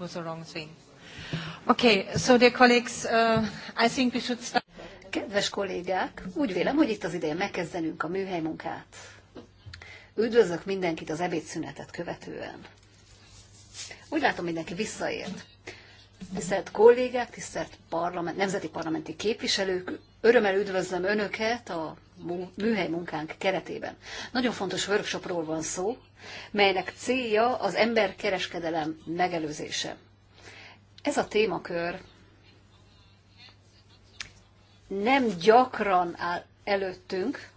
was the wrong thing. Okay, so dear colleagues, uh, I think we should start. Kedves kollégák, úgy vélem, hogy itt az ideje megkezdenünk a műhely munkát. Üdvözlök mindenkit az ebédszünetet követően. Úgy látom, mindenki visszaért. Tisztelt kollégák, tisztelt parlament, nemzeti parlamenti képviselők, Örömmel üdvözlöm Önöket a műhely munkánk keretében. Nagyon fontos workshopról van szó, melynek célja az emberkereskedelem megelőzése. Ez a témakör nem gyakran áll előttünk,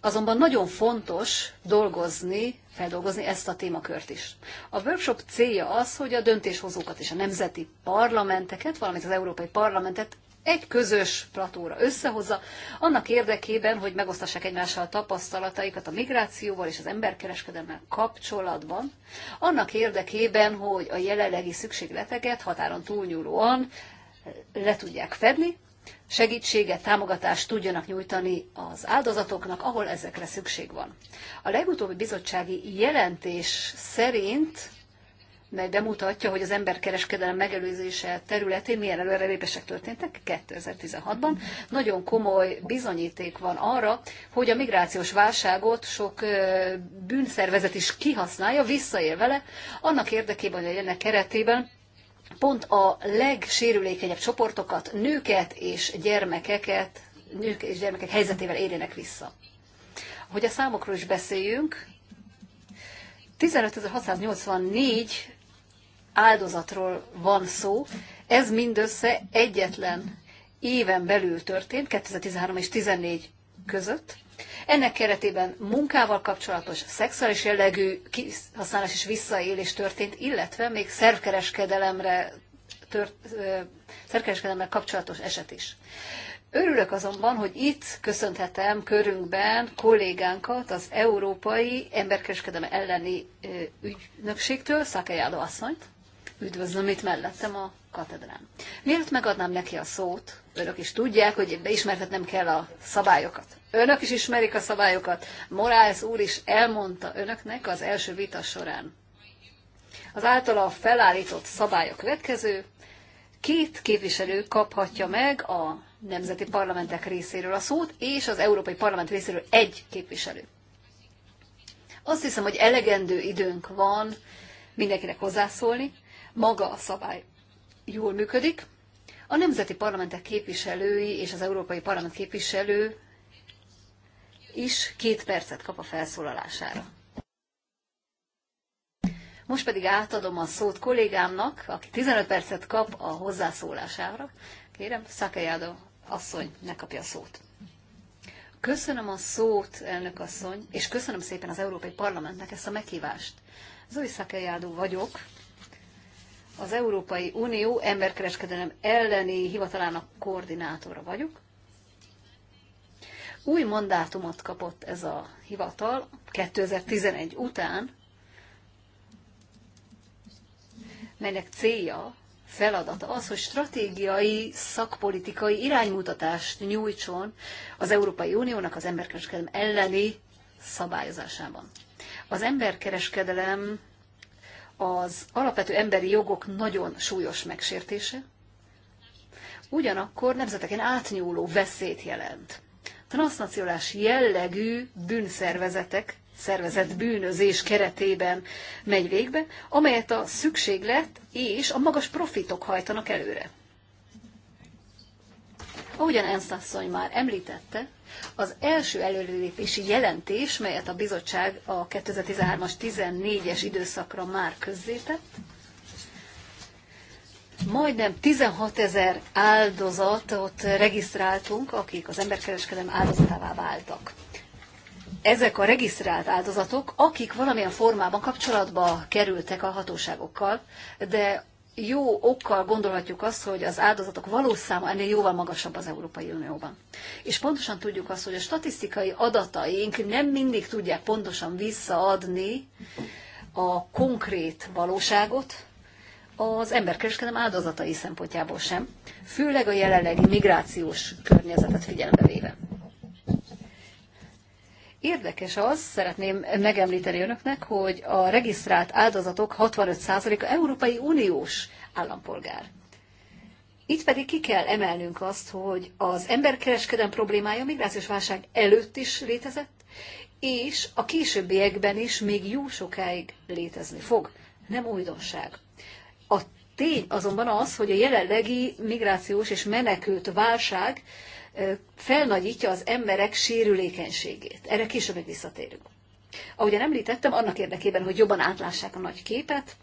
azonban nagyon fontos dolgozni, feldolgozni ezt a témakört is. A workshop célja az, hogy a döntéshozókat és a nemzeti parlamenteket, valamint az Európai Parlamentet egy közös platóra összehozza, annak érdekében, hogy megosztassák egymással a tapasztalataikat a migrációval és az emberkereskedelemmel kapcsolatban, annak érdekében, hogy a jelenlegi szükségleteket határon túlnyúlóan eh, le tudják fedni, segítséget, támogatást tudjanak nyújtani az áldozatoknak, ahol ezekre szükség van. A legutóbbi bizottsági jelentés szerint mely bemutatja, hogy az emberkereskedelem megelőzése területén milyen előrelépések történtek 2016-ban. Nagyon komoly bizonyíték van arra, hogy a migrációs válságot sok bűnszervezet is kihasználja, visszaél vele, annak érdekében, hogy ennek keretében pont a legsérülékenyebb csoportokat, nőket és gyermekeket, nők és gyermekek helyzetével érjenek vissza. Hogy a számokról is beszéljünk, 15.684 áldozatról van szó. Ez mindössze egyetlen éven belül történt, 2013 és 2014 között. Ennek keretében munkával kapcsolatos szexuális jellegű kihasználás és visszaélés történt, illetve még szervkereskedelemre, tört, szervkereskedelemre kapcsolatos eset is. Örülök azonban, hogy itt köszönhetem körünkben kollégánkat az Európai Emberkereskedelem elleni ügynökségtől, Szakajáló asszonyt, Üdvözlöm itt mellettem a katedrán. Miért megadnám neki a szót, önök is tudják, hogy beismerhetnem kell a szabályokat. Önök is ismerik a szabályokat. Morales úr is elmondta önöknek az első vita során. Az általa felállított szabályok következő. Két képviselő kaphatja meg a nemzeti parlamentek részéről a szót, és az Európai Parlament részéről egy képviselő. Azt hiszem, hogy elegendő időnk van mindenkinek hozzászólni, maga a szabály jól működik. A nemzeti parlamentek képviselői és az Európai Parlament képviselő is két percet kap a felszólalására. Most pedig átadom a szót kollégámnak, aki 15 percet kap a hozzászólására. Kérem, Szakajádó asszony, ne kapja a szót. Köszönöm a szót, elnök asszony, és köszönöm szépen az Európai Parlamentnek ezt a meghívást. Zoli Szakajádó vagyok, az Európai Unió emberkereskedelem elleni hivatalának koordinátora vagyok. Új mandátumot kapott ez a hivatal 2011 után, melynek célja, feladata az, hogy stratégiai, szakpolitikai iránymutatást nyújtson az Európai Uniónak az emberkereskedelem elleni szabályozásában. Az emberkereskedelem az alapvető emberi jogok nagyon súlyos megsértése, ugyanakkor nemzeteken átnyúló veszélyt jelent. Transznacionális jellegű bűnszervezetek szervezett bűnözés keretében megy végbe, amelyet a szükséglet és a magas profitok hajtanak előre. Ahogyan Ernst asszony már említette, az első előrelépési jelentés, melyet a bizottság a 2013-as 14-es időszakra már közzétett, majdnem 16 ezer áldozatot regisztráltunk, akik az emberkereskedelem áldozatává váltak. Ezek a regisztrált áldozatok, akik valamilyen formában kapcsolatba kerültek a hatóságokkal, de jó okkal gondolhatjuk azt, hogy az áldozatok valós száma ennél jóval magasabb az Európai Unióban. És pontosan tudjuk azt, hogy a statisztikai adataink nem mindig tudják pontosan visszaadni a konkrét valóságot az emberkereskedelem áldozatai szempontjából sem, főleg a jelenlegi migrációs környezetet figyelembe véve. Érdekes az, szeretném megemlíteni önöknek, hogy a regisztrált áldozatok 65%-a Európai Uniós állampolgár. Itt pedig ki kell emelnünk azt, hogy az emberkereskedelem problémája a migrációs válság előtt is létezett, és a későbbiekben is még jó sokáig létezni fog. Nem újdonság. A tény azonban az, hogy a jelenlegi migrációs és menekült válság felnagyítja az emberek sérülékenységét. Erre később még visszatérünk. Ahogyan említettem, annak érdekében, hogy jobban átlássák a nagy képet,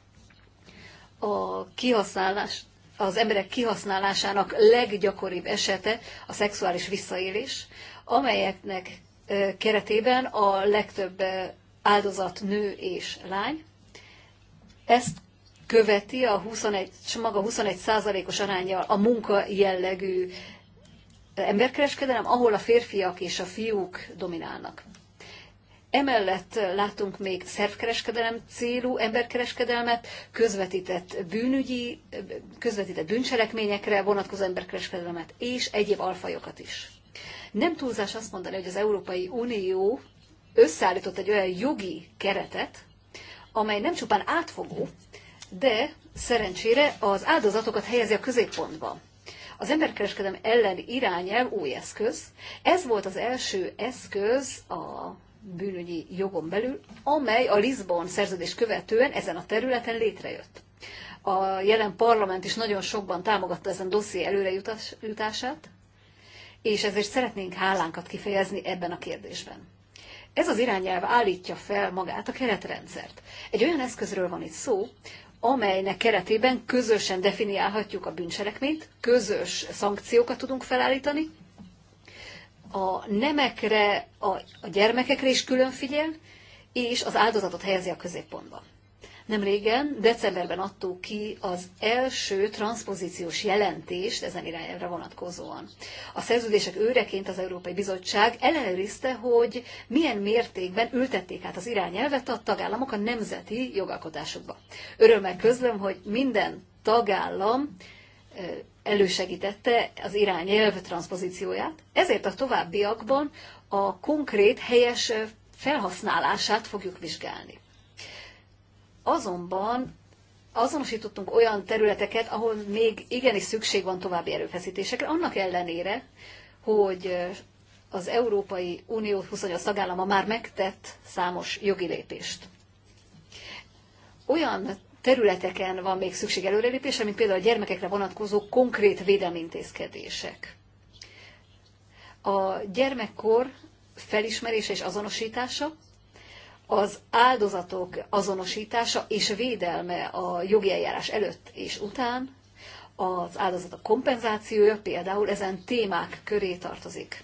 a kihasználás, az emberek kihasználásának leggyakoribb esete a szexuális visszaélés, amelyeknek keretében a legtöbb áldozat nő és lány. Ezt követi a 21, maga 21 százalékos arányjal a munka jellegű emberkereskedelem, ahol a férfiak és a fiúk dominálnak. Emellett látunk még szervkereskedelem célú emberkereskedelmet, közvetített bűnügyi, közvetített bűncselekményekre vonatkozó emberkereskedelmet és egyéb alfajokat is. Nem túlzás azt mondani, hogy az Európai Unió összeállított egy olyan jogi keretet, amely nem csupán átfogó, de szerencsére az áldozatokat helyezi a középpontba. Az emberkereskedelem ellen irányelv új eszköz. Ez volt az első eszköz a bűnügyi jogon belül, amely a Lisbon szerződés követően ezen a területen létrejött. A jelen parlament is nagyon sokban támogatta ezen dosszié előrejutását, és ezért szeretnénk hálánkat kifejezni ebben a kérdésben. Ez az irányelv állítja fel magát a keretrendszert. Egy olyan eszközről van itt szó, amelynek keretében közösen definiálhatjuk a bűncselekményt, közös szankciókat tudunk felállítani, a nemekre, a, gyermekekre is külön figyel, és az áldozatot helyezi a középpontba. Nem régen, decemberben adtuk ki az első transpozíciós jelentést ezen irányelvre vonatkozóan. A szerződések őreként az Európai Bizottság ellenőrizte, hogy milyen mértékben ültették át az irányelvet a tagállamok a nemzeti jogalkotásokba. Örömmel közlöm, hogy minden tagállam elősegítette az irányelv transpozícióját, ezért a továbbiakban a konkrét helyes felhasználását fogjuk vizsgálni. Azonban azonosítottunk olyan területeket, ahol még igenis szükség van további erőfeszítésekre, annak ellenére, hogy az Európai Unió 28 tagállama már megtett számos jogi lépést. Olyan területeken van még szükség előrelépésre, mint például a gyermekekre vonatkozó konkrét védelmintézkedések. A gyermekkor felismerése és azonosítása, az áldozatok azonosítása és védelme a jogi eljárás előtt és után, az áldozatok kompenzációja például ezen témák köré tartozik.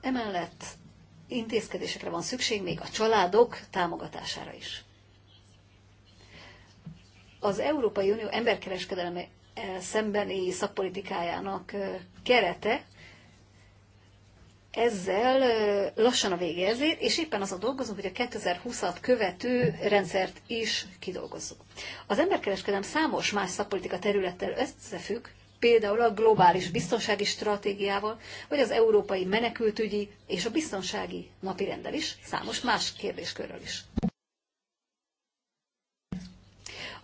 Emellett intézkedésekre van szükség még a családok támogatására is. Az Európai Unió emberkereskedelme eh, szembeni szakpolitikájának eh, kerete ezzel lassan a vége ezért, és éppen az a dolgozunk, hogy a 2020-at követő rendszert is kidolgozzuk. Az emberkereskedelem számos más szakpolitika területtel összefügg, például a globális biztonsági stratégiával, vagy az európai menekültügyi és a biztonsági napirenddel is, számos más kérdéskörről is.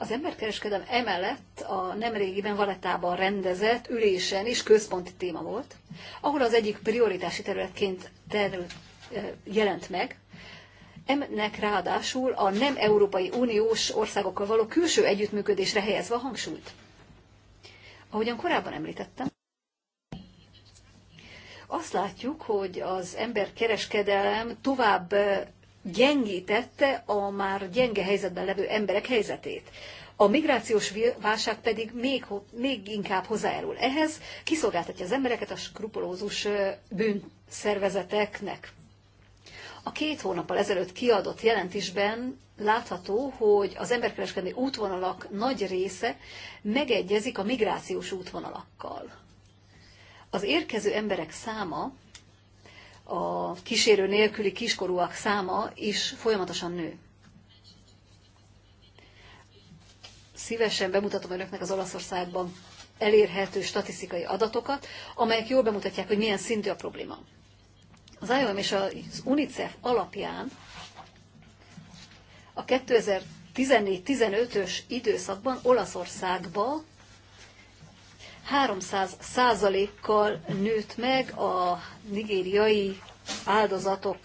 Az emberkereskedelem emellett a nemrégiben Valettában rendezett ülésen is központi téma volt, ahol az egyik prioritási területként terül, jelent meg, Ennek ráadásul a nem Európai Uniós országokkal való külső együttműködésre helyezve a hangsúlyt. Ahogyan korábban említettem, azt látjuk, hogy az emberkereskedelem tovább gyengítette a már gyenge helyzetben levő emberek helyzetét. A migrációs válság pedig még, még inkább hozzájárul ehhez, kiszolgáltatja az embereket a skrupulózus bűnszervezeteknek. A két hónappal ezelőtt kiadott jelentésben látható, hogy az emberkereskedelmi útvonalak nagy része megegyezik a migrációs útvonalakkal. Az érkező emberek száma a kísérő nélküli kiskorúak száma is folyamatosan nő. Szívesen bemutatom önöknek az Olaszországban elérhető statisztikai adatokat, amelyek jól bemutatják, hogy milyen szintű a probléma. Az IOM és az UNICEF alapján a 2014-15-ös időszakban Olaszországba 300 százalékkal nőtt meg a nigériai áldozatok,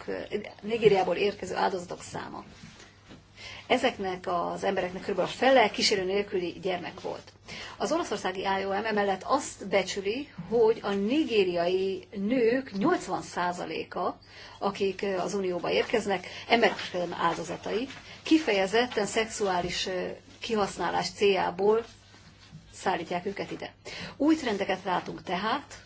Nigériából érkező áldozatok száma. Ezeknek az embereknek kb. a fele kísérő nélküli gyermek volt. Az olaszországi IOM emellett azt becsüli, hogy a nigériai nők 80%-a, akik az Unióba érkeznek, emberkereskedelem áldozatai, kifejezetten szexuális kihasználás céljából szállítják őket ide. Új trendeket látunk tehát,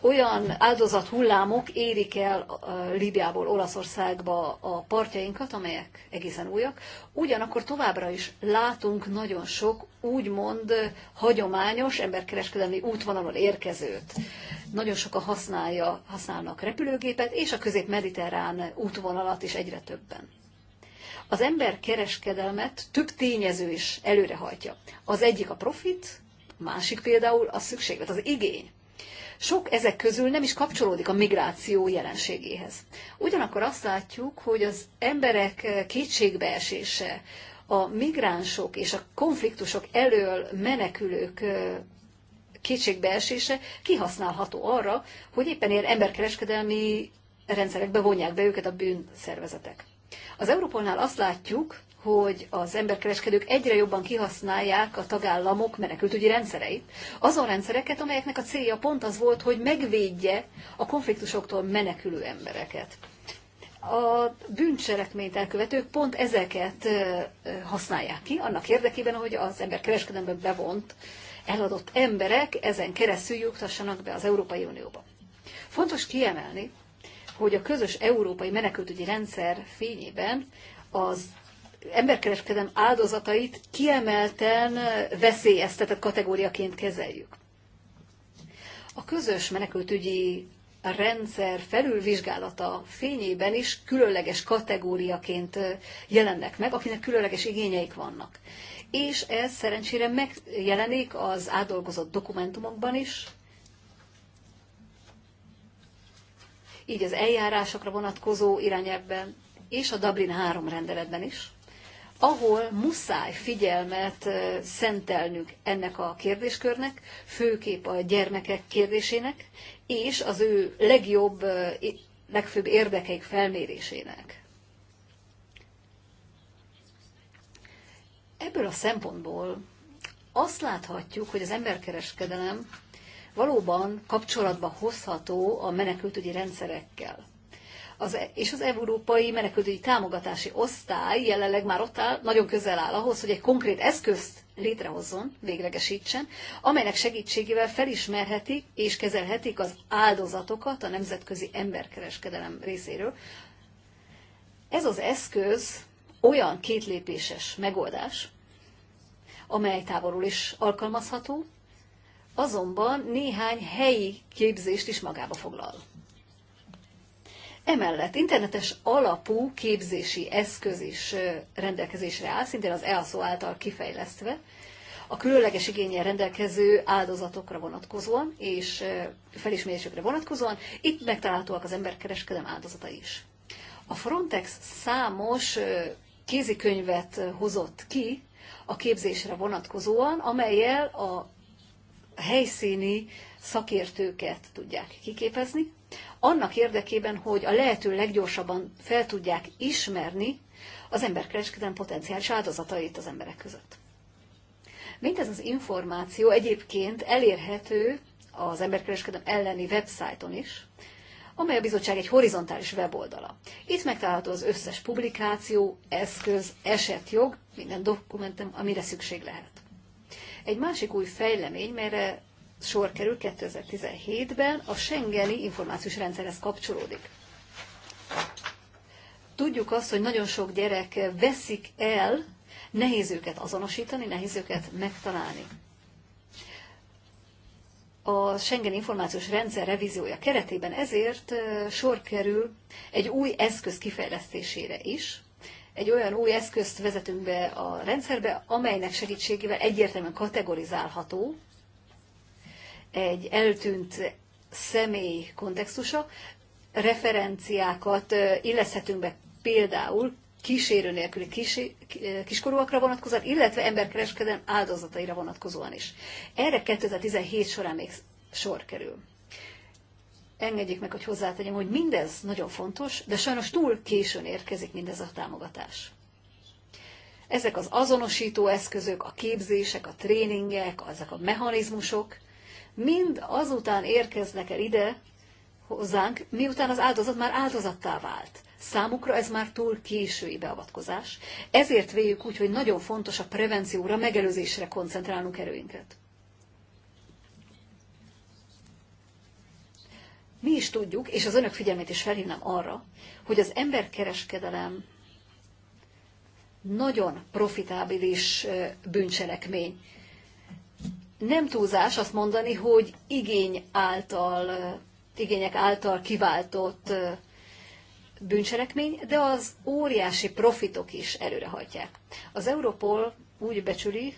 olyan áldozat hullámok érik el Líbiából Olaszországba a partjainkat, amelyek egészen újak. Ugyanakkor továbbra is látunk nagyon sok úgymond hagyományos emberkereskedelmi útvonalon érkezőt. Nagyon sokan használja, használnak repülőgépet, és a közép-mediterrán útvonalat is egyre többen. Az emberkereskedelmet több tényező is előrehajtja. Az egyik a profit, másik például a szükséglet, az igény. Sok ezek közül nem is kapcsolódik a migráció jelenségéhez. Ugyanakkor azt látjuk, hogy az emberek kétségbeesése, a migránsok és a konfliktusok elől menekülők kétségbeesése kihasználható arra, hogy éppen ilyen emberkereskedelmi rendszerekbe vonják be őket a bűnszervezetek. Az Európolnál azt látjuk, hogy az emberkereskedők egyre jobban kihasználják a tagállamok menekültügyi rendszereit, azon rendszereket, amelyeknek a célja pont az volt, hogy megvédje a konfliktusoktól menekülő embereket. A bűncselekményt elkövetők pont ezeket használják ki, annak érdekében, hogy az emberkereskedelemben bevont eladott emberek ezen keresztül juttassanak be az Európai Unióba. Fontos kiemelni, hogy a közös európai menekültügyi rendszer fényében az emberkereskedem áldozatait kiemelten veszélyeztetett kategóriaként kezeljük. A közös menekültügyi rendszer felülvizsgálata fényében is különleges kategóriaként jelennek meg, akinek különleges igényeik vannak. És ez szerencsére megjelenik az átdolgozott dokumentumokban is, így az eljárásokra vonatkozó irányelvben és a Dublin 3 rendeletben is ahol muszáj figyelmet szentelnünk ennek a kérdéskörnek, főképp a gyermekek kérdésének, és az ő legjobb, legfőbb érdekeik felmérésének. Ebből a szempontból azt láthatjuk, hogy az emberkereskedelem valóban kapcsolatba hozható a menekültügyi rendszerekkel az, e- és az európai menekültügyi támogatási osztály jelenleg már ott áll, nagyon közel áll ahhoz, hogy egy konkrét eszközt létrehozzon, véglegesítsen, amelynek segítségével felismerhetik és kezelhetik az áldozatokat a nemzetközi emberkereskedelem részéről. Ez az eszköz olyan kétlépéses megoldás, amely távolról is alkalmazható, azonban néhány helyi képzést is magába foglal. Emellett internetes alapú képzési eszköz is rendelkezésre áll, szintén az EASO által kifejlesztve, a különleges igényel rendelkező áldozatokra vonatkozóan és felismerésükre vonatkozóan, itt megtalálhatóak az emberkereskedem áldozata is. A Frontex számos kézikönyvet hozott ki a képzésre vonatkozóan, amelyel a helyszíni szakértőket tudják kiképezni, annak érdekében, hogy a lehető leggyorsabban fel tudják ismerni az emberkereskedelem potenciális áldozatait az emberek között. Mindez az információ egyébként elérhető az emberkereskedelem elleni websájton is, amely a bizottság egy horizontális weboldala. Itt megtalálható az összes publikáció, eszköz, esetjog, minden dokumentum, amire szükség lehet. Egy másik új fejlemény, melyre sor kerül 2017-ben, a Schengeni információs rendszerhez kapcsolódik. Tudjuk azt, hogy nagyon sok gyerek veszik el, nehéz őket azonosítani, nehéz őket megtalálni. A Schengen információs rendszer revíziója keretében ezért sor kerül egy új eszköz kifejlesztésére is, egy olyan új eszközt vezetünk be a rendszerbe, amelynek segítségével egyértelműen kategorizálható egy eltűnt személy kontextusa, referenciákat illeszhetünk be például kísérő nélküli kis, kiskorúakra vonatkozóan, illetve emberkereskedelem áldozataira vonatkozóan is. Erre 2017 során még sor kerül. Engedjék meg, hogy hozzátegyem, hogy mindez nagyon fontos, de sajnos túl későn érkezik mindez a támogatás. Ezek az azonosító eszközök, a képzések, a tréningek, ezek a mechanizmusok, mind azután érkeznek el ide hozzánk, miután az áldozat már áldozattá vált. Számukra ez már túl késői beavatkozás, ezért véljük úgy, hogy nagyon fontos a prevencióra, megelőzésre koncentrálnunk erőinket. Mi is tudjuk, és az önök figyelmét is felhívnám arra, hogy az emberkereskedelem nagyon profitábilis bűncselekmény nem túlzás azt mondani, hogy igény által, igények által kiváltott bűncselekmény, de az óriási profitok is erőre hajtják. Az Europol úgy becsüli,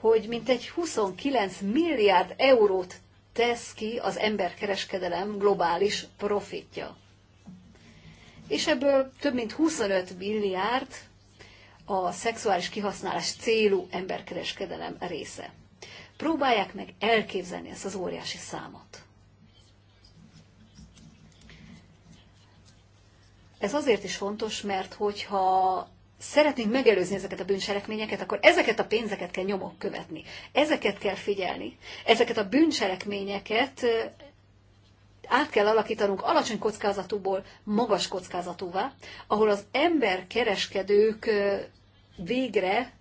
hogy mintegy 29 milliárd eurót tesz ki az emberkereskedelem globális profitja. És ebből több mint 25 milliárd a szexuális kihasználás célú emberkereskedelem része. Próbálják meg elképzelni ezt az óriási számot. Ez azért is fontos, mert hogyha szeretnénk megelőzni ezeket a bűncselekményeket, akkor ezeket a pénzeket kell nyomok követni. Ezeket kell figyelni. Ezeket a bűncselekményeket át kell alakítanunk alacsony kockázatúból magas kockázatúvá, ahol az emberkereskedők végre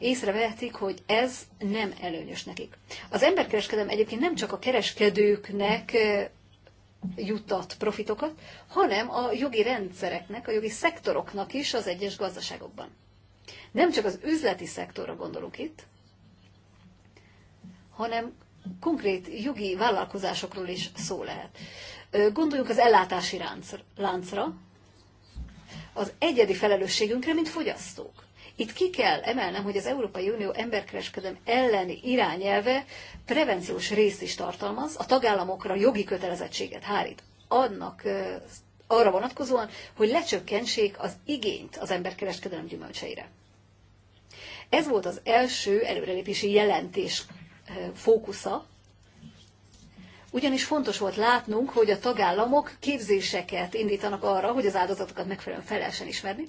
észrevehetik, hogy ez nem előnyös nekik. Az emberkereskedem egyébként nem csak a kereskedőknek juttat profitokat, hanem a jogi rendszereknek, a jogi szektoroknak is az egyes gazdaságokban. Nem csak az üzleti szektorra gondolok itt, hanem konkrét jogi vállalkozásokról is szó lehet. Gondoljunk az ellátási láncra, az egyedi felelősségünkre, mint fogyasztók. Itt ki kell emelnem, hogy az Európai Unió emberkereskedelem elleni irányelve prevenciós részt is tartalmaz, a tagállamokra jogi kötelezettséget hárít annak arra vonatkozóan, hogy lecsökkentsék az igényt az emberkereskedelem gyümölcseire. Ez volt az első előrelépési jelentés fókusza ugyanis fontos volt látnunk, hogy a tagállamok képzéseket indítanak arra, hogy az áldozatokat megfelelően fel lehessen ismerni,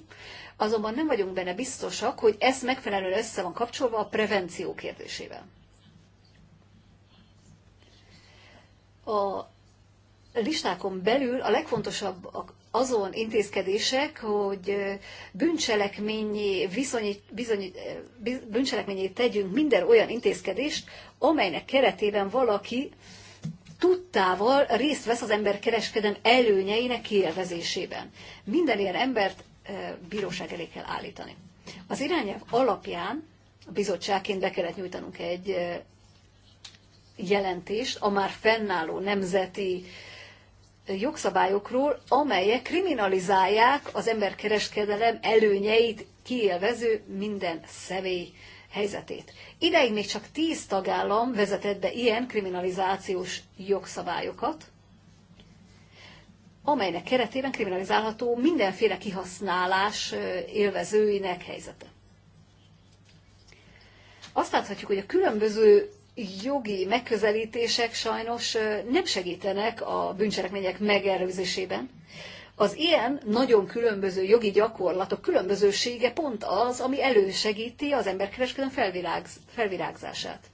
azonban nem vagyunk benne biztosak, hogy ez megfelelően össze van kapcsolva a prevenció kérdésével. A listákon belül a legfontosabb azon intézkedések, hogy bűncselekményé, viszonyít, bizonyít, bűncselekményé tegyünk minden olyan intézkedést, amelynek keretében valaki tudtával részt vesz az kereskedem előnyeinek kielvezésében. Minden ilyen embert e, bíróság elé kell állítani. Az irányelv alapján a bizottságként be kellett nyújtanunk egy e, jelentést a már fennálló nemzeti jogszabályokról, amelyek kriminalizálják az emberkereskedelem előnyeit kielvező minden személy helyzetét. Ideig még csak tíz tagállam vezetett be ilyen kriminalizációs jogszabályokat, amelynek keretében kriminalizálható mindenféle kihasználás élvezőinek helyzete. Azt láthatjuk, hogy a különböző jogi megközelítések sajnos nem segítenek a bűncselekmények megelőzésében, az ilyen nagyon különböző jogi gyakorlatok különbözősége pont az, ami elősegíti az emberkereskedelem felvirágz, felvirágzását.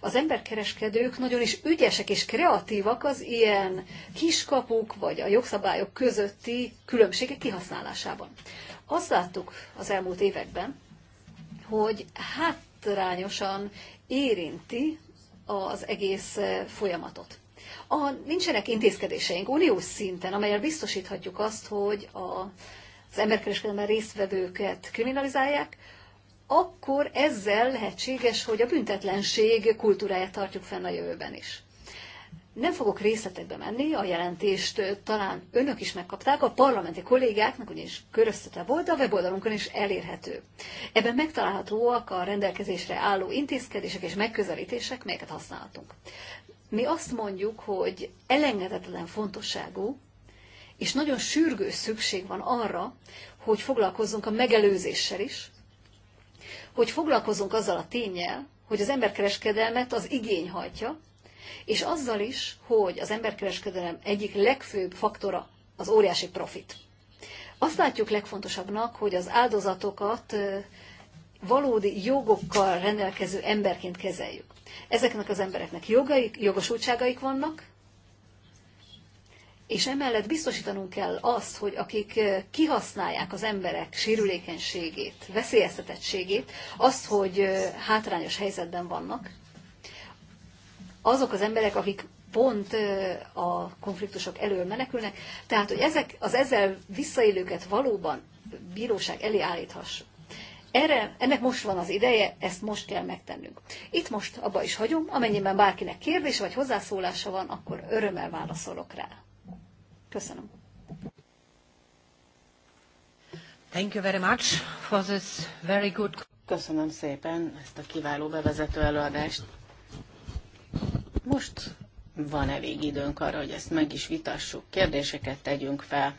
Az emberkereskedők nagyon is ügyesek és kreatívak az ilyen kiskapuk vagy a jogszabályok közötti különbségek kihasználásában. Azt láttuk az elmúlt években, hogy hátrányosan érinti az egész folyamatot. A, nincsenek intézkedéseink uniós szinten, amelyel biztosíthatjuk azt, hogy a, az emberkereskedelmen résztvevőket kriminalizálják, akkor ezzel lehetséges, hogy a büntetlenség kultúráját tartjuk fenn a jövőben is. Nem fogok részletekbe menni, a jelentést talán önök is megkapták, a parlamenti kollégáknak ugyanis köröztete volt, de a weboldalunkon is elérhető. Ebben megtalálhatóak a rendelkezésre álló intézkedések és megközelítések, melyeket használhatunk. Mi azt mondjuk, hogy elengedetlen fontosságú, és nagyon sürgős szükség van arra, hogy foglalkozzunk a megelőzéssel is, hogy foglalkozunk azzal a tényel, hogy az emberkereskedelmet az igény hajtja, és azzal is, hogy az emberkereskedelem egyik legfőbb faktora az óriási profit. Azt látjuk legfontosabbnak, hogy az áldozatokat valódi jogokkal rendelkező emberként kezeljük. Ezeknek az embereknek jogaik, jogosultságaik vannak, és emellett biztosítanunk kell azt, hogy akik eh, kihasználják az emberek sérülékenységét, veszélyeztetettségét, azt, hogy eh, hátrányos helyzetben vannak, azok az emberek, akik pont eh, a konfliktusok elől menekülnek, tehát, hogy ezek, az ezzel visszaélőket valóban bíróság elé állíthassuk. Erre, ennek most van az ideje, ezt most kell megtennünk. Itt most abba is hagyom, amennyiben bárkinek kérdése vagy hozzászólása van, akkor örömmel válaszolok rá. Köszönöm. Thank you very much for this very good... Köszönöm szépen ezt a kiváló bevezető előadást. Most van elég időnk arra, hogy ezt meg is vitassuk, kérdéseket tegyünk fel.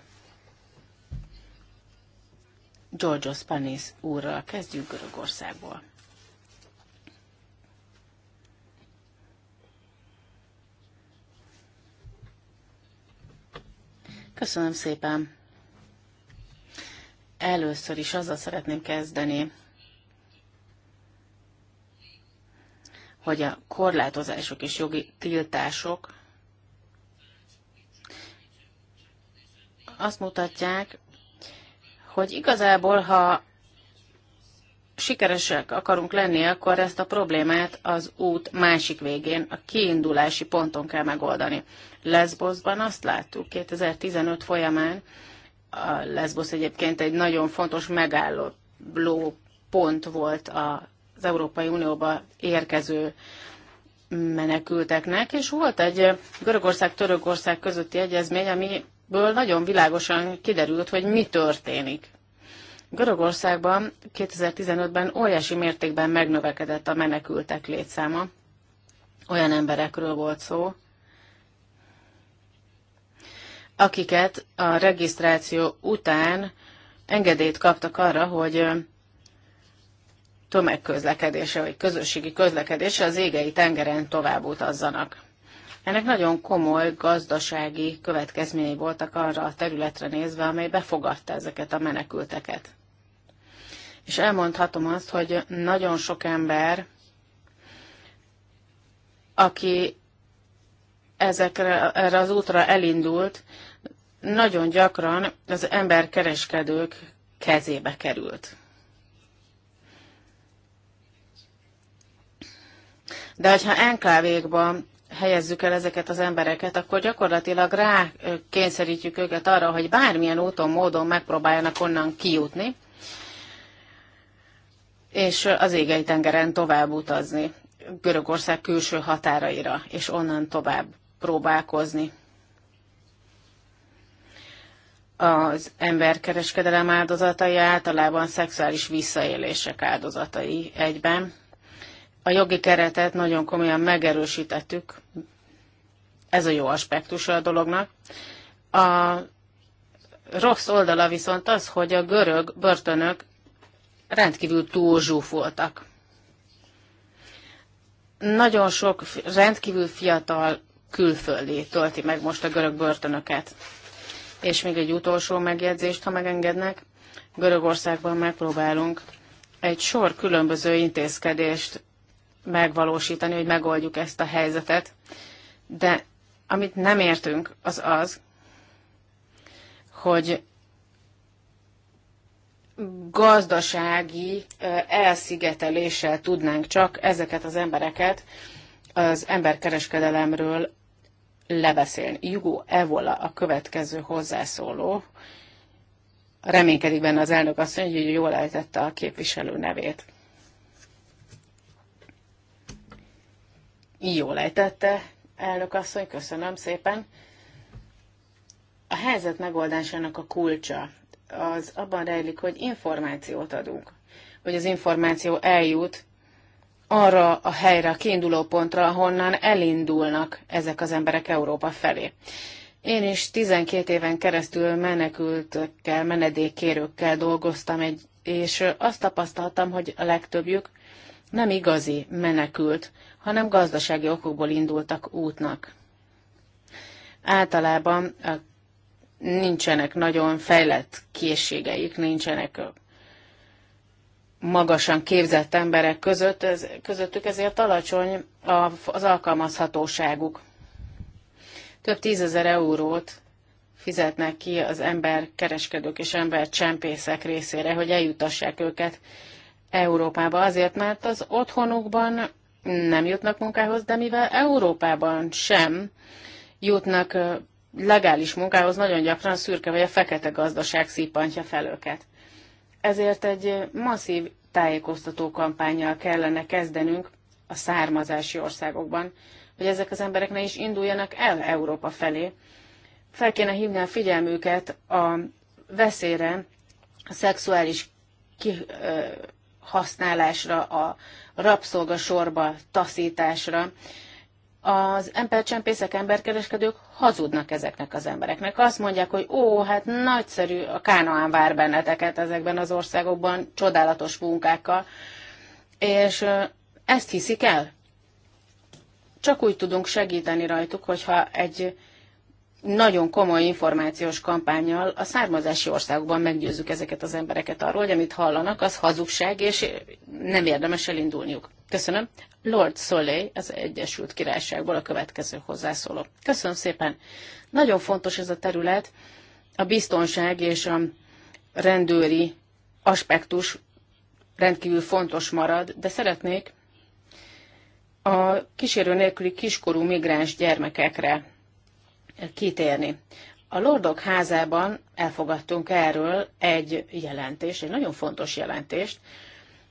Georgios Panis úrral kezdjük Görögországból. Köszönöm szépen. Először is azzal szeretném kezdeni, hogy a korlátozások és jogi tiltások azt mutatják, hogy igazából, ha sikeresek akarunk lenni, akkor ezt a problémát az út másik végén, a kiindulási ponton kell megoldani. Lesbosban azt láttuk 2015 folyamán, a Lesbos egyébként egy nagyon fontos megálló pont volt az Európai Unióba érkező menekülteknek, és volt egy Görögország-Törökország közötti egyezmény, ami ből nagyon világosan kiderült, hogy mi történik. Görögországban 2015-ben óriási mértékben megnövekedett a menekültek létszáma. Olyan emberekről volt szó, akiket a regisztráció után engedélyt kaptak arra, hogy tömegközlekedése vagy közösségi közlekedése az égei tengeren tovább utazzanak. Ennek nagyon komoly gazdasági következményei voltak arra a területre nézve, amely befogadta ezeket a menekülteket. És elmondhatom azt, hogy nagyon sok ember, aki ezekre erre az útra elindult, nagyon gyakran az emberkereskedők kezébe került. De hogyha enklávékban helyezzük el ezeket az embereket, akkor gyakorlatilag rá kényszerítjük őket arra, hogy bármilyen úton, módon megpróbáljanak onnan kijutni, és az égei tengeren tovább utazni, Görögország külső határaira, és onnan tovább próbálkozni. Az emberkereskedelem áldozatai általában szexuális visszaélések áldozatai egyben, a jogi keretet nagyon komolyan megerősítettük. Ez a jó aspektusa a dolognak. A rossz oldala viszont az, hogy a görög börtönök rendkívül túlzsúfoltak. Nagyon sok rendkívül fiatal külföldi tölti meg most a görög börtönöket. És még egy utolsó megjegyzést, ha megengednek. Görögországban megpróbálunk egy sor különböző intézkedést megvalósítani, hogy megoldjuk ezt a helyzetet. De amit nem értünk, az az, hogy gazdasági elszigeteléssel tudnánk csak ezeket az embereket az emberkereskedelemről lebeszélni. Jugó Evola a következő hozzászóló. Reménykedik benne az elnök azt mondja, hogy jól ejtette a képviselő nevét. Jól ejtette, elnök asszony, köszönöm szépen. A helyzet megoldásának a kulcsa az abban rejlik, hogy információt adunk, hogy az információ eljut arra a helyre, a kiinduló pontra, ahonnan elindulnak ezek az emberek Európa felé. Én is 12 éven keresztül menekültökkel, menedékkérőkkel dolgoztam, egy, és azt tapasztaltam, hogy a legtöbbjük nem igazi menekült, hanem gazdasági okokból indultak útnak. Általában nincsenek nagyon fejlett készségeik, nincsenek magasan képzett emberek között, ez, közöttük ezért alacsony az alkalmazhatóságuk. Több tízezer eurót fizetnek ki az emberkereskedők és embercsempészek részére, hogy eljutassák őket Európába, azért mert az otthonukban nem jutnak munkához, de mivel Európában sem jutnak legális munkához, nagyon gyakran a szürke vagy a fekete gazdaság szípantja fel őket. Ezért egy masszív tájékoztató kampányjal kellene kezdenünk a származási országokban, hogy ezek az emberek ne is induljanak el Európa felé. Fel kéne hívni a figyelmüket a veszélyre, a szexuális ki, ö, használásra, a rabszolgasorba taszításra. Az embercsempészek, emberkereskedők hazudnak ezeknek az embereknek. Azt mondják, hogy ó, hát nagyszerű, a Kánaán vár benneteket ezekben az országokban csodálatos munkákkal, és ezt hiszik el. Csak úgy tudunk segíteni rajtuk, hogyha egy nagyon komoly információs kampányjal a származási országokban meggyőzzük ezeket az embereket arról, hogy amit hallanak, az hazugság, és nem érdemes elindulniuk. Köszönöm. Lord Soleil az Egyesült Királyságból a következő hozzászóló. Köszönöm szépen. Nagyon fontos ez a terület, a biztonság és a rendőri aspektus rendkívül fontos marad, de szeretnék a kísérő nélküli kiskorú migráns gyermekekre kitérni. A Lordok házában elfogadtunk erről egy jelentést, egy nagyon fontos jelentést,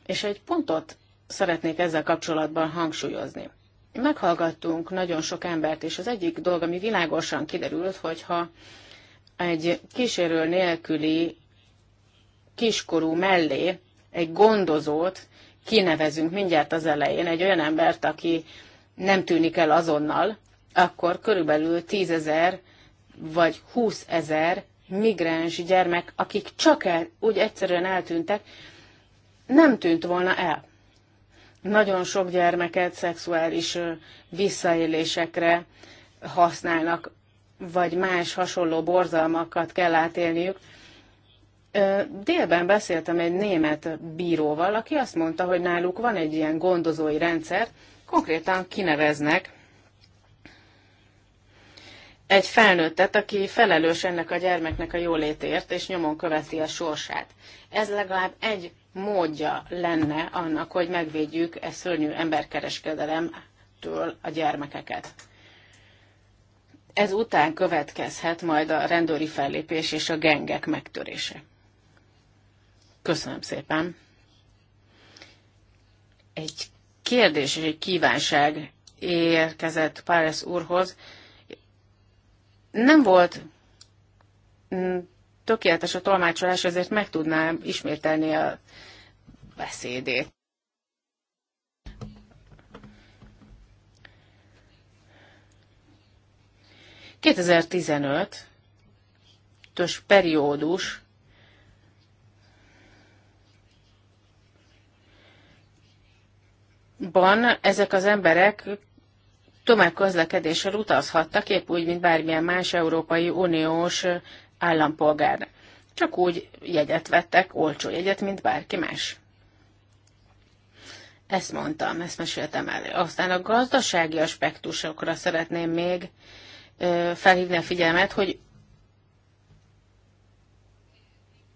és egy pontot szeretnék ezzel kapcsolatban hangsúlyozni. Meghallgattunk nagyon sok embert, és az egyik dolog, ami világosan kiderült, hogyha egy kísérő nélküli kiskorú mellé egy gondozót kinevezünk mindjárt az elején, egy olyan embert, aki nem tűnik el azonnal, akkor körülbelül tízezer vagy húszezer ezer migráns gyermek, akik csak el, úgy egyszerűen eltűntek, nem tűnt volna el. Nagyon sok gyermeket szexuális visszaélésekre használnak, vagy más hasonló borzalmakat kell átélniük. Délben beszéltem egy német bíróval, aki azt mondta, hogy náluk van egy ilyen gondozói rendszer, konkrétan kineveznek egy felnőttet, aki felelős ennek a gyermeknek a jólétért, és nyomon követi a sorsát. Ez legalább egy módja lenne annak, hogy megvédjük e szörnyű emberkereskedelemtől a gyermekeket. Ez után következhet majd a rendőri fellépés és a gengek megtörése. Köszönöm szépen. Egy kérdés és egy kívánság érkezett Páres úrhoz nem volt mm, tökéletes a tolmácsolás, ezért meg tudnám ismételni a beszédét. ...2015 tös periódus ban ezek az emberek tömegközlekedéssel utazhattak, épp úgy, mint bármilyen más Európai Uniós állampolgár. Csak úgy jegyet vettek, olcsó jegyet, mint bárki más. Ezt mondtam, ezt meséltem el. Aztán a gazdasági aspektusokra szeretném még felhívni a figyelmet, hogy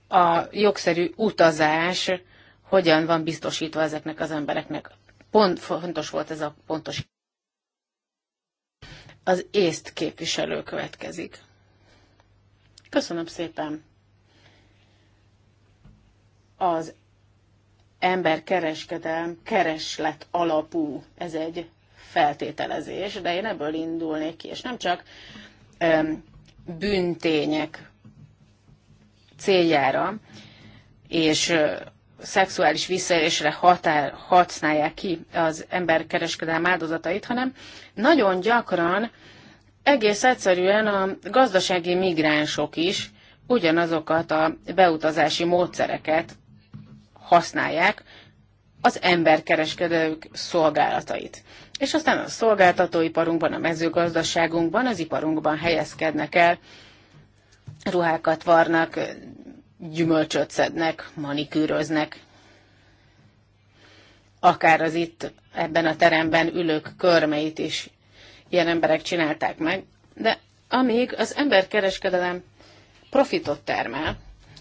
a jogszerű utazás hogyan van biztosítva ezeknek az embereknek. Pont fontos volt ez a pontosítás. Az észt képviselő következik. Köszönöm szépen. Az emberkereskedelm kereslet alapú, ez egy feltételezés, de én ebből indulnék ki, és nem csak öm, büntények céljára, és szexuális visszaélésre határ, használják ki az emberkereskedelem áldozatait, hanem nagyon gyakran egész egyszerűen a gazdasági migránsok is ugyanazokat a beutazási módszereket használják, az emberkereskedők szolgálatait. És aztán a szolgáltatóiparunkban, a mezőgazdaságunkban, az iparunkban helyezkednek el, ruhákat varnak, gyümölcsöt szednek, manikűröznek. Akár az itt ebben a teremben ülők körmeit is ilyen emberek csinálták meg. De amíg az emberkereskedelem profitot termel,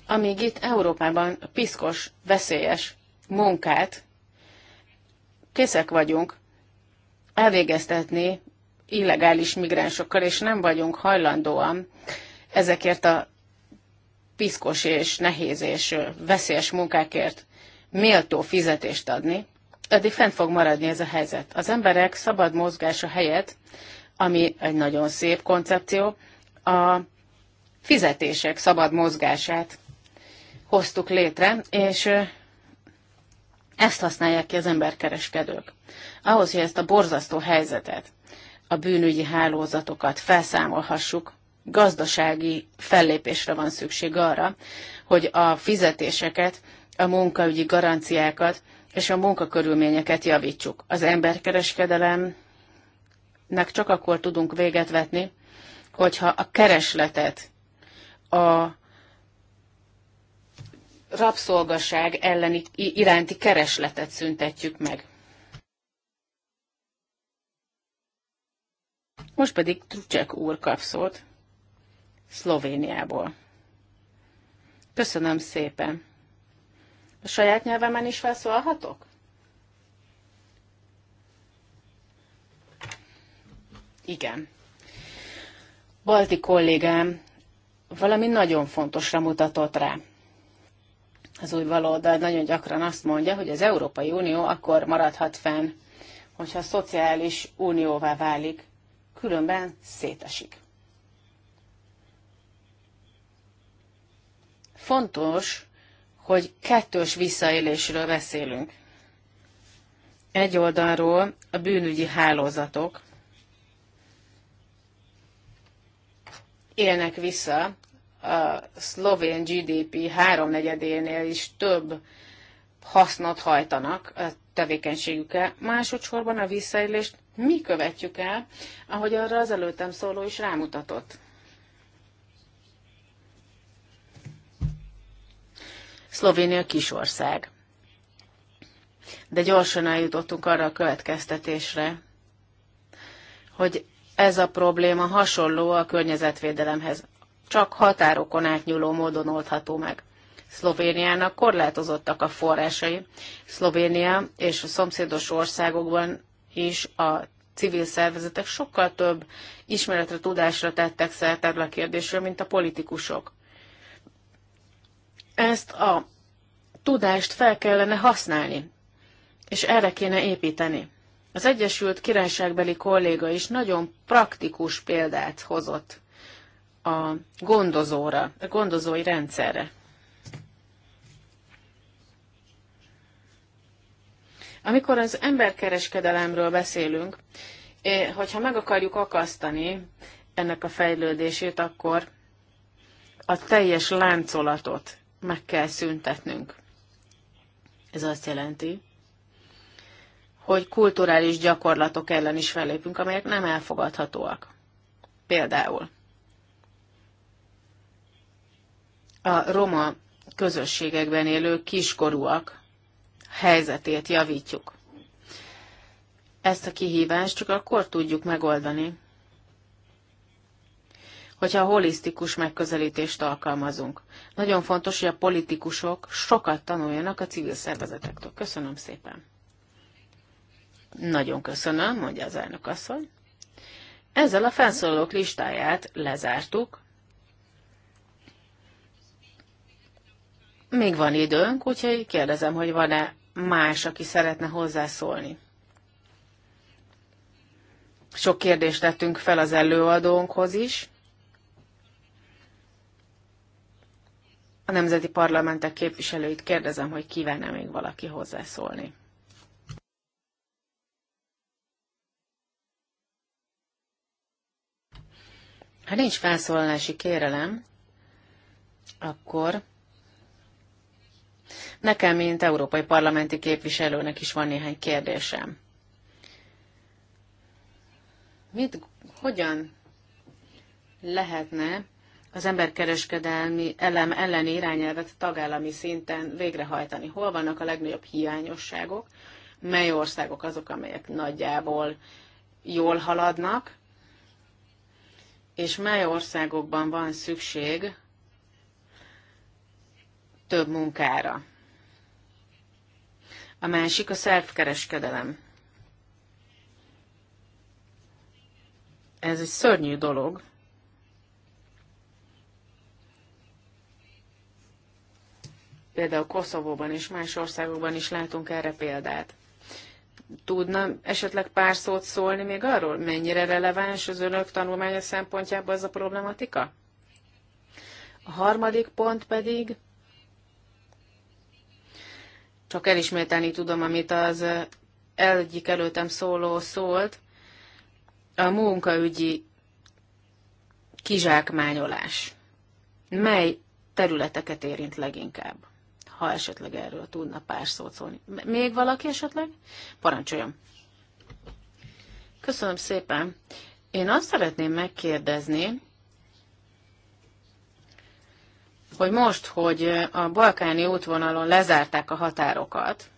amíg itt Európában piszkos, veszélyes munkát készek vagyunk elvégeztetni illegális migránsokkal, és nem vagyunk hajlandóan ezekért a piszkos és nehéz és veszélyes munkákért méltó fizetést adni, addig fent fog maradni ez a helyzet. Az emberek szabad mozgása helyett, ami egy nagyon szép koncepció, a fizetések szabad mozgását hoztuk létre, és ezt használják ki az emberkereskedők. Ahhoz, hogy ezt a borzasztó helyzetet, a bűnügyi hálózatokat felszámolhassuk, gazdasági fellépésre van szükség arra, hogy a fizetéseket, a munkaügyi garanciákat és a munkakörülményeket javítsuk. Az emberkereskedelemnek csak akkor tudunk véget vetni, hogyha a keresletet, a rabszolgaság elleni iránti keresletet szüntetjük meg. Most pedig Trucsek úr kap szót. Szlovéniából. Köszönöm szépen. A saját nyelvemen is felszólhatok. Igen. Balti kollégám valami nagyon fontosra mutatott rá. Az új valódal nagyon gyakran azt mondja, hogy az Európai Unió akkor maradhat fenn, hogyha a szociális unióvá válik, különben szétesik. Fontos, hogy kettős visszaélésről beszélünk. Egy oldalról a bűnügyi hálózatok élnek vissza a szlovén GDP háromnegyedénél is több hasznot hajtanak a tevékenységükkel. Másodszorban a visszaélést mi követjük el, ahogy arra az előttem szóló is rámutatott. Szlovénia kisország. De gyorsan eljutottunk arra a következtetésre, hogy ez a probléma hasonló a környezetvédelemhez, csak határokon átnyúló módon oldható meg. Szlovéniának korlátozottak a forrásai. Szlovénia és a szomszédos országokban is a civil szervezetek sokkal több ismeretre, tudásra tettek szert a kérdésről, mint a politikusok. Ezt a tudást fel kellene használni, és erre kéne építeni. Az Egyesült Királyságbeli kolléga is nagyon praktikus példát hozott a gondozóra, a gondozói rendszerre. Amikor az emberkereskedelemről beszélünk, hogyha meg akarjuk akasztani ennek a fejlődését, akkor a teljes láncolatot meg kell szüntetnünk. Ez azt jelenti, hogy kulturális gyakorlatok ellen is fellépünk, amelyek nem elfogadhatóak. Például a roma közösségekben élő kiskorúak helyzetét javítjuk. Ezt a kihívást csak akkor tudjuk megoldani, hogyha holisztikus megközelítést alkalmazunk. Nagyon fontos, hogy a politikusok sokat tanuljanak a civil szervezetektől. Köszönöm szépen. Nagyon köszönöm, mondja az elnök asszony. Ezzel a felszólalók listáját lezártuk. Még van időnk, úgyhogy kérdezem, hogy van-e más, aki szeretne hozzászólni. Sok kérdést tettünk fel az előadónkhoz is. a nemzeti parlamentek képviselőit kérdezem, hogy kívánne még valaki hozzászólni. Ha nincs felszólalási kérelem, akkor nekem, mint európai parlamenti képviselőnek is van néhány kérdésem. Mit, hogyan lehetne az emberkereskedelmi elem elleni irányelvet tagállami szinten végrehajtani. Hol vannak a legnagyobb hiányosságok, mely országok azok, amelyek nagyjából jól haladnak, és mely országokban van szükség több munkára. A másik a szervkereskedelem. Ez egy szörnyű dolog, például Koszovóban és más országokban is látunk erre példát. Tudna esetleg pár szót szólni még arról, mennyire releváns az önök tanulmánya szempontjából ez a problematika? A harmadik pont pedig, csak elismételni tudom, amit az egyik előttem szóló szólt, a munkaügyi kizsákmányolás. Mely területeket érint leginkább? ha esetleg erről tudna pár szót szólni. Még valaki esetleg? Parancsoljon. Köszönöm szépen. Én azt szeretném megkérdezni, hogy most, hogy a balkáni útvonalon lezárták a határokat,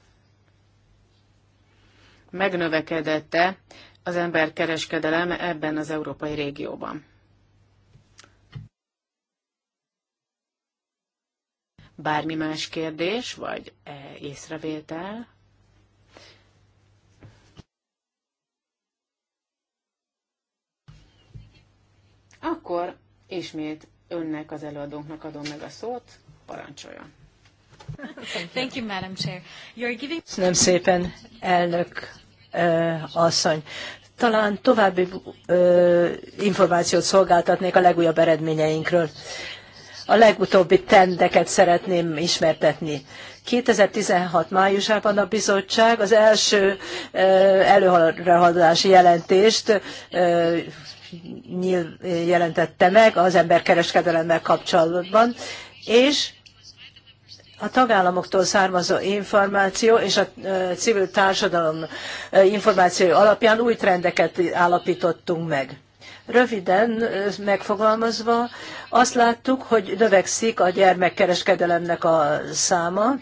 megnövekedette az emberkereskedelem ebben az európai régióban. Bármi más kérdés, vagy e, észrevétel? Akkor ismét önnek az előadónknak adom meg a szót, parancsoljon. Thank you, Madam Chair. You're giving... Nem szépen, elnök uh, asszony. Talán további ö, uh, információt szolgáltatnék a legújabb eredményeinkről. A legutóbbi tendeket szeretném ismertetni. 2016 májusában a bizottság az első előrehaladási jelentést jelentette meg az emberkereskedelemmel kapcsolatban, és a tagállamoktól származó információ és a civil társadalom információi alapján új trendeket állapítottunk meg. Röviden megfogalmazva azt láttuk, hogy növekszik a gyermekkereskedelemnek a száma,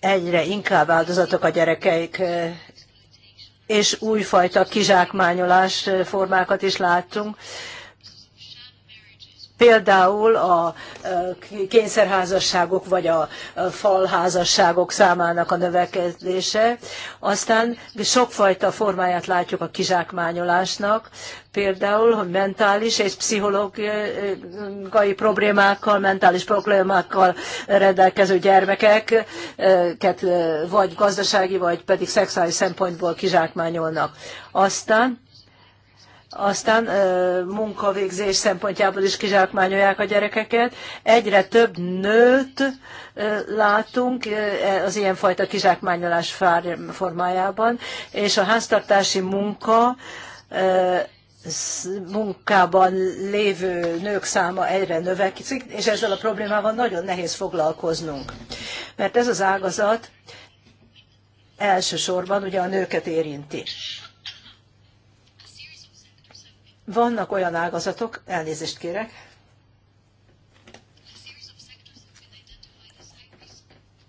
egyre inkább áldozatok a gyerekeik, és újfajta kizsákmányolás formákat is láttunk Például a kényszerházasságok vagy a falházasságok számának a növekedése. Aztán sokfajta formáját látjuk a kizsákmányolásnak, például, hogy mentális és pszichológiai problémákkal, mentális problémákkal rendelkező gyermekeket vagy gazdasági, vagy pedig szexuális szempontból kizsákmányolnak. Aztán aztán munkavégzés szempontjából is kizsákmányolják a gyerekeket. Egyre több nőt látunk az ilyenfajta kizsákmányolás formájában, és a háztartási munka munkában lévő nők száma egyre növekszik, és ezzel a problémával nagyon nehéz foglalkoznunk. Mert ez az ágazat elsősorban ugye a nőket érinti. Vannak olyan ágazatok, elnézést kérek,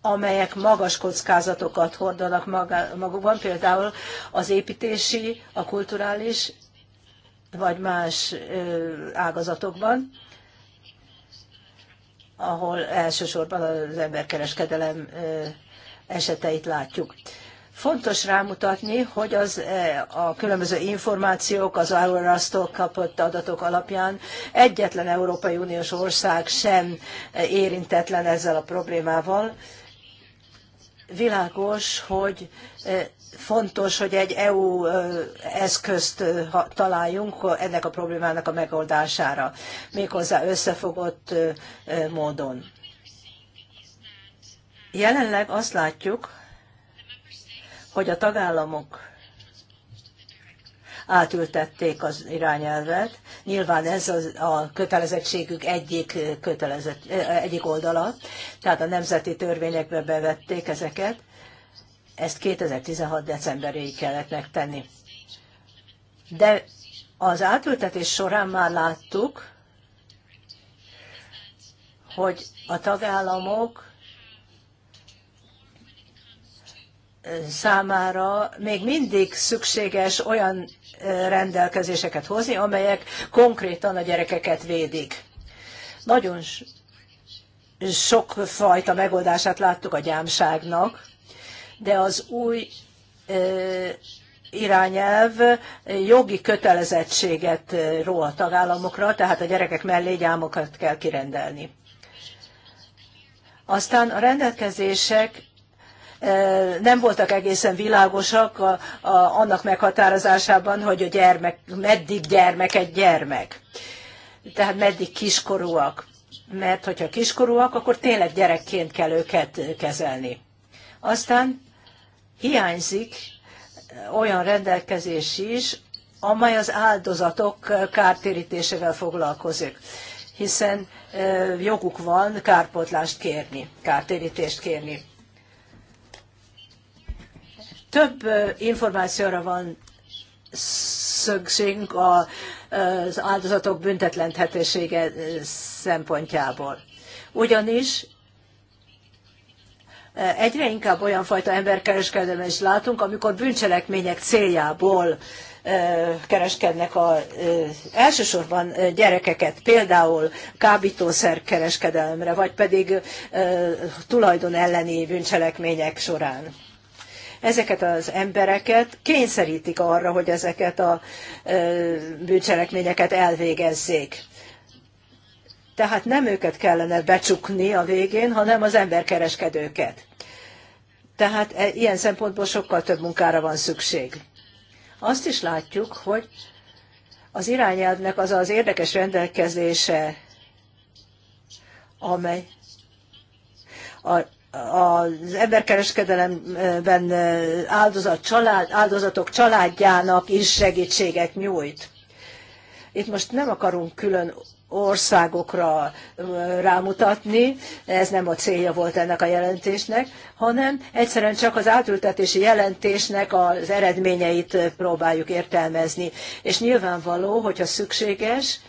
amelyek magas kockázatokat hordanak magukban, például az építési, a kulturális, vagy más ágazatokban, ahol elsősorban az emberkereskedelem eseteit látjuk. Fontos rámutatni, hogy az, e, a különböző információk az Aurora-tól kapott adatok alapján egyetlen Európai Uniós ország sem érintetlen ezzel a problémával. Világos, hogy e, fontos, hogy egy EU e, eszközt találjunk ennek a problémának a megoldására, méghozzá összefogott módon. Jelenleg azt látjuk, hogy a tagállamok átültették az irányelvet. Nyilván ez a, a kötelezettségük egyik, kötelezett, egyik oldala, tehát a nemzeti törvényekbe bevették ezeket. Ezt 2016. decemberéig kellett megtenni. De az átültetés során már láttuk, hogy a tagállamok számára még mindig szükséges olyan rendelkezéseket hozni, amelyek konkrétan a gyerekeket védik. Nagyon sok fajta megoldását láttuk a gyámságnak, de az új irányelv jogi kötelezettséget ró a tagállamokra, tehát a gyerekek mellé gyámokat kell kirendelni. Aztán a rendelkezések nem voltak egészen világosak a, a, annak meghatározásában, hogy a gyermek, meddig gyermek egy gyermek. Tehát meddig kiskorúak. Mert hogyha kiskorúak, akkor tényleg gyerekként kell őket kezelni. Aztán hiányzik olyan rendelkezés is, amely az áldozatok kártérítésével foglalkozik, hiszen joguk van kárpótlást kérni, kártérítést kérni. Több információra van szükségünk az áldozatok büntetlenthetősége szempontjából. Ugyanis egyre inkább olyan fajta emberkereskedelmet is látunk, amikor bűncselekmények céljából kereskednek a, elsősorban gyerekeket, például kábítószer kereskedelemre, vagy pedig tulajdon elleni bűncselekmények során ezeket az embereket kényszerítik arra, hogy ezeket a bűncselekményeket elvégezzék. Tehát nem őket kellene becsukni a végén, hanem az emberkereskedőket. Tehát e, ilyen szempontból sokkal több munkára van szükség. Azt is látjuk, hogy az irányelvnek az az érdekes rendelkezése, amely a az emberkereskedelemben áldozat család, áldozatok családjának is segítséget nyújt. Itt most nem akarunk külön országokra rámutatni, ez nem a célja volt ennek a jelentésnek, hanem egyszerűen csak az átültetési jelentésnek az eredményeit próbáljuk értelmezni. És nyilvánvaló, hogyha szükséges,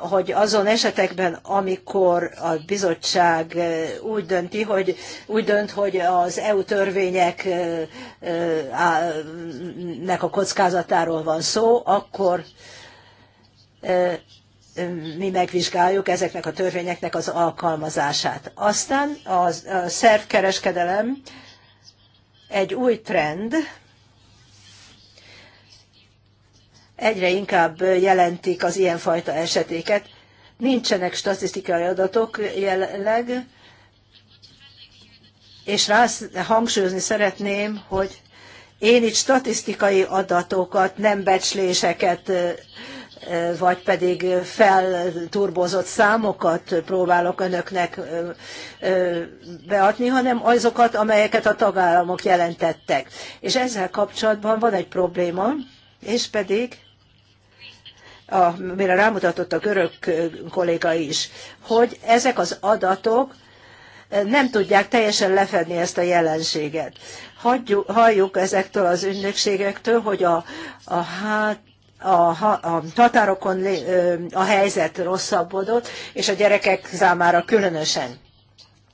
hogy azon esetekben, amikor a bizottság e, úgy, dönti, hogy, úgy dönt, hogy az EU törvényeknek e, e, a kockázatáról van szó, akkor mi megvizsgáljuk ezeknek a törvényeknek az alkalmazását. Aztán a szervkereskedelem egy új trend, egyre inkább jelentik az ilyenfajta esetéket. Nincsenek statisztikai adatok jelenleg, és rá hangsúlyozni szeretném, hogy én itt statisztikai adatokat, nem becsléseket, vagy pedig felturbozott számokat próbálok önöknek beadni, hanem azokat, amelyeket a tagállamok jelentettek. És ezzel kapcsolatban van egy probléma, és pedig amire rámutatott a görög kolléga is, hogy ezek az adatok nem tudják teljesen lefedni ezt a jelenséget. Hagyjuk, halljuk ezektől az ügynökségektől, hogy a, a hát a, a határokon a helyzet rosszabbodott, és a gyerekek számára különösen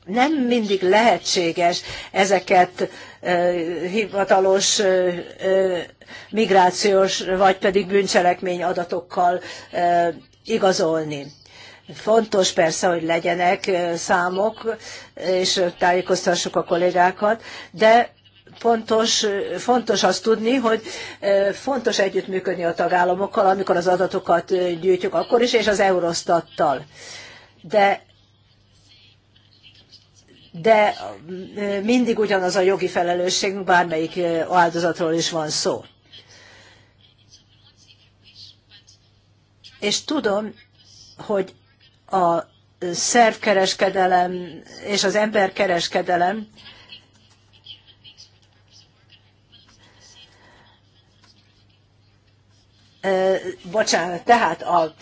nem mindig lehetséges ezeket hivatalos migrációs vagy pedig bűncselekmény adatokkal igazolni. Fontos persze, hogy legyenek számok, és tájékoztassuk a kollégákat, de fontos, fontos azt tudni, hogy fontos együttműködni a tagállamokkal, amikor az adatokat gyűjtjük akkor is, és az Eurostattal. De de mindig ugyanaz a jogi felelősségünk, bármelyik áldozatról is van szó. És tudom, hogy a szervkereskedelem és az emberkereskedelem bocsánat, tehát a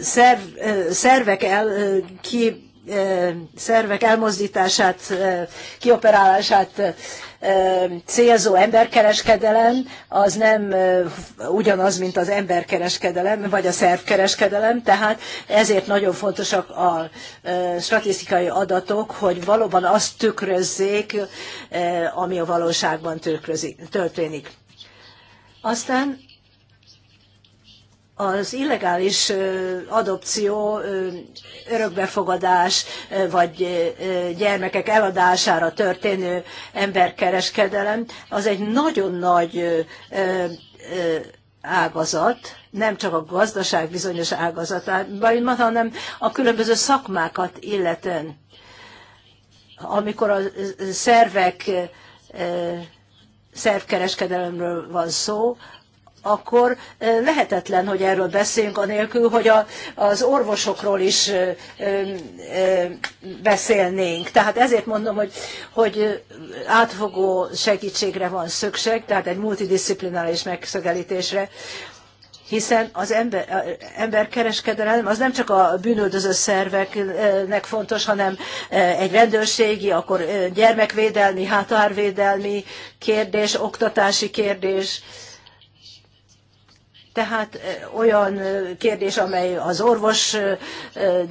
szerv, szervek el ki szervek elmozdítását, kioperálását célzó emberkereskedelem, az nem ugyanaz, mint az emberkereskedelem, vagy a szervkereskedelem, tehát ezért nagyon fontosak a statisztikai adatok, hogy valóban azt tükrözzék, ami a valóságban történik. Aztán az illegális adopció, örökbefogadás vagy gyermekek eladására történő emberkereskedelem, az egy nagyon nagy ágazat, nem csak a gazdaság bizonyos ágazatában, hanem a különböző szakmákat illeten. Amikor a szervek szervkereskedelemről van szó, akkor eh, lehetetlen, hogy erről beszéljünk, anélkül, hogy a, az orvosokról is ö, eh, ö, eh, beszélnénk. Tehát ezért mondom, hogy, hogy átfogó segítségre van szükség, tehát egy multidisziplinális megszögelítésre, hiszen az ember, emberkereskedelem az nem csak a bűnöldöző szerveknek fontos, hanem egy rendőrségi, akkor gyermekvédelmi, hátárvédelmi kérdés, oktatási kérdés, tehát olyan kérdés, amely az orvos,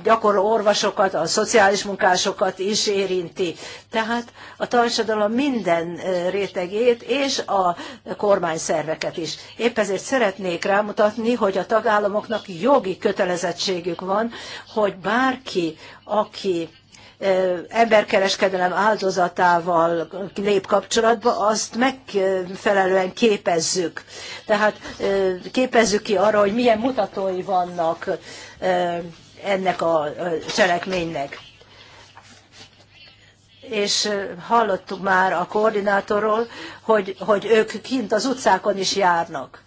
gyakorló orvosokat, a szociális munkásokat is érinti. Tehát a társadalom minden rétegét és a kormányszerveket is. Épp ezért szeretnék rámutatni, hogy a tagállamoknak jogi kötelezettségük van, hogy bárki, aki emberkereskedelem áldozatával lép kapcsolatba, azt megfelelően képezzük. Tehát képezzük ki arra, hogy milyen mutatói vannak ennek a cselekménynek. És hallottuk már a koordinátorról, hogy, hogy ők kint az utcákon is járnak.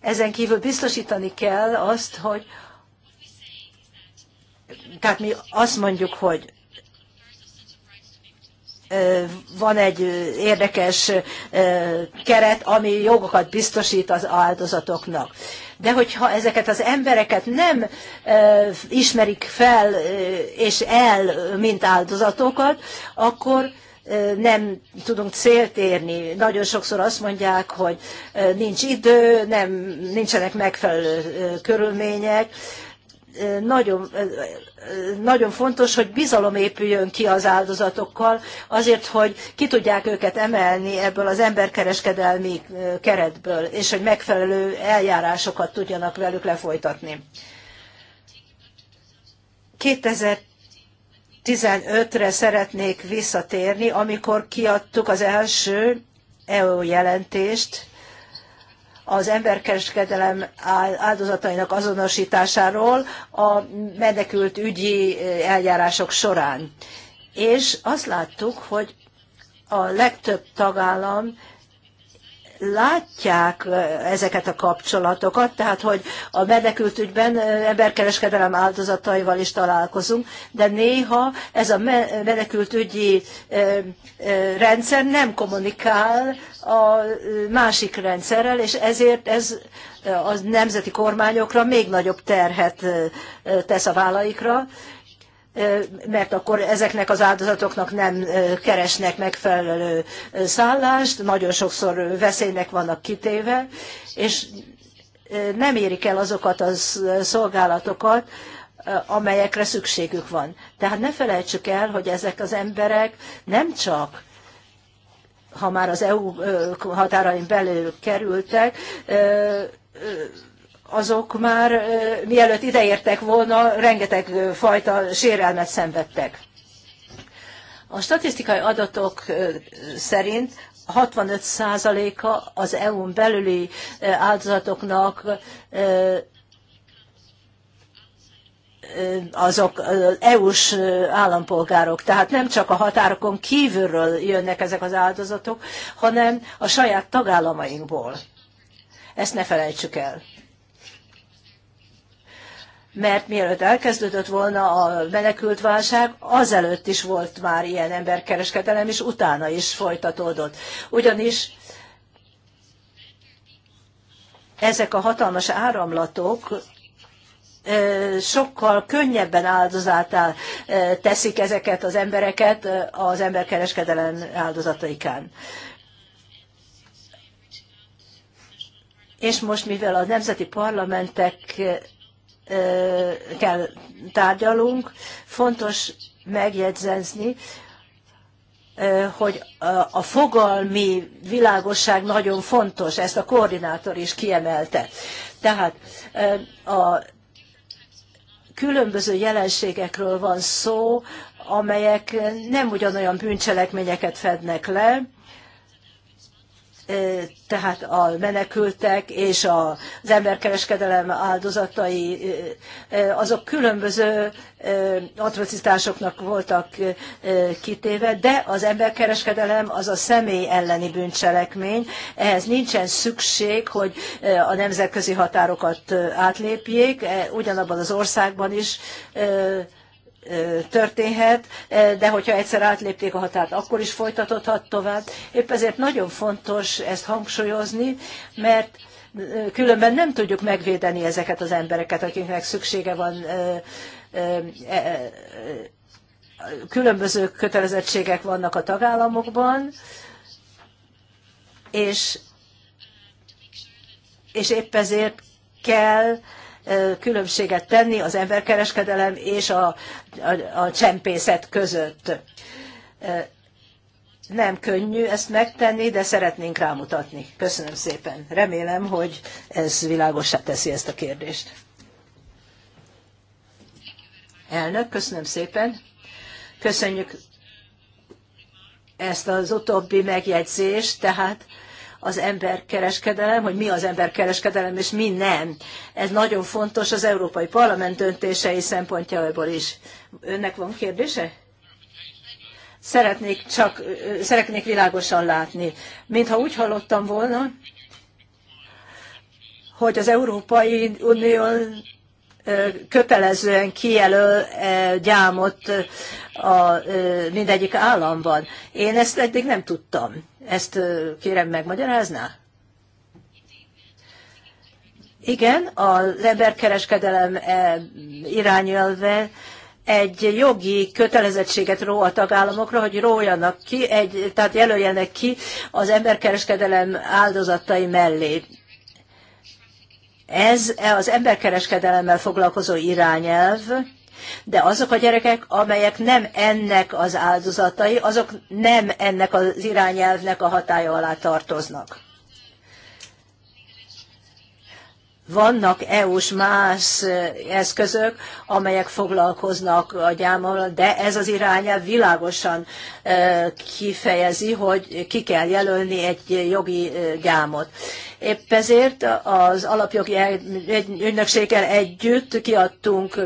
Ezen kívül biztosítani kell azt, hogy, tehát mi azt mondjuk, hogy van egy érdekes keret, ami jogokat biztosít az áldozatoknak. De hogyha ezeket az embereket nem ismerik fel és el, mint áldozatokat, akkor nem tudunk célt érni. Nagyon sokszor azt mondják, hogy nincs idő, nem, nincsenek megfelelő körülmények, nagyon, nagyon fontos, hogy bizalom épüljön ki az áldozatokkal, azért, hogy ki tudják őket emelni ebből az emberkereskedelmi keretből, és hogy megfelelő eljárásokat tudjanak velük lefolytatni. 2015-re szeretnék visszatérni, amikor kiadtuk az első EU jelentést az emberkereskedelem áldozatainak azonosításáról a menekült ügyi eh, eljárások során. És azt láttuk, hogy a legtöbb tagállam látják ezeket a kapcsolatokat, tehát hogy a ügyben emberkereskedelem áldozataival is találkozunk, de néha ez a ügyi rendszer nem kommunikál a másik rendszerrel, és ezért ez a nemzeti kormányokra még nagyobb terhet tesz a vállaikra, mert akkor ezeknek az áldozatoknak nem keresnek megfelelő szállást, nagyon sokszor veszélynek vannak kitéve, és nem érik el azokat a szolgálatokat, amelyekre szükségük van. Tehát ne felejtsük el, hogy ezek az emberek nem csak ha már az EU határain belül kerültek, azok már mielőtt ideértek volna, rengeteg fajta sérelmet szenvedtek. A statisztikai adatok szerint 65%-a az EU-n belüli áldozatoknak azok EU-s állampolgárok. Tehát nem csak a határokon kívülről jönnek ezek az áldozatok, hanem a saját tagállamainkból. Ezt ne felejtsük el mert mielőtt elkezdődött volna a menekült válság, azelőtt is volt már ilyen emberkereskedelem, és utána is folytatódott. Ugyanis ezek a hatalmas áramlatok sokkal könnyebben áldozátá teszik ezeket az embereket az emberkereskedelem áldozataikán. És most, mivel a nemzeti parlamentek kell tárgyalunk. Fontos megjegyzni, hogy a fogalmi világosság nagyon fontos, ezt a koordinátor is kiemelte. Tehát a különböző jelenségekről van szó, amelyek nem ugyanolyan bűncselekményeket fednek le, tehát a menekültek és az emberkereskedelem áldozatai, azok különböző atrocitásoknak voltak kitéve, de az emberkereskedelem az a személy elleni bűncselekmény. Ehhez nincsen szükség, hogy a nemzetközi határokat átlépjék, e, ugyanabban az országban is történhet, de hogyha egyszer átlépték a határt, akkor is folytatódhat tovább. Épp ezért nagyon fontos ezt hangsúlyozni, mert különben nem tudjuk megvédeni ezeket az embereket, akiknek szüksége van e, e, különböző kötelezettségek vannak a tagállamokban, és, és épp ezért kell különbséget tenni az emberkereskedelem és a, a, a csempészet között. Nem könnyű ezt megtenni, de szeretnénk rámutatni. Köszönöm szépen. Remélem, hogy ez világosá teszi ezt a kérdést. Elnök, köszönöm szépen. Köszönjük ezt az utóbbi megjegyzést, tehát az emberkereskedelem, hogy mi az emberkereskedelem és mi nem. Ez nagyon fontos az Európai Parlament döntései szempontjából is. Önnek van kérdése? Szeretnék csak, szeretnék világosan látni. Mintha úgy hallottam volna, hogy az Európai Unió kötelezően kijelöl gyámot a mindegyik államban. Én ezt eddig nem tudtam. Ezt kérem megmagyarázná? Igen, az emberkereskedelem irányelve egy jogi kötelezettséget ró a tagállamokra, hogy rójanak ki, egy, tehát jelöljenek ki az emberkereskedelem áldozatai mellé. Ez az emberkereskedelemmel foglalkozó irányelv, de azok a gyerekek, amelyek nem ennek az áldozatai, azok nem ennek az irányelvnek a hatája alá tartoznak. Vannak EU-s más eszközök, amelyek foglalkoznak a gyámmal, de ez az irányelv világosan kifejezi, hogy ki kell jelölni egy jogi gyámot. Épp ezért az alapjogi ügynökséggel együtt kiadtunk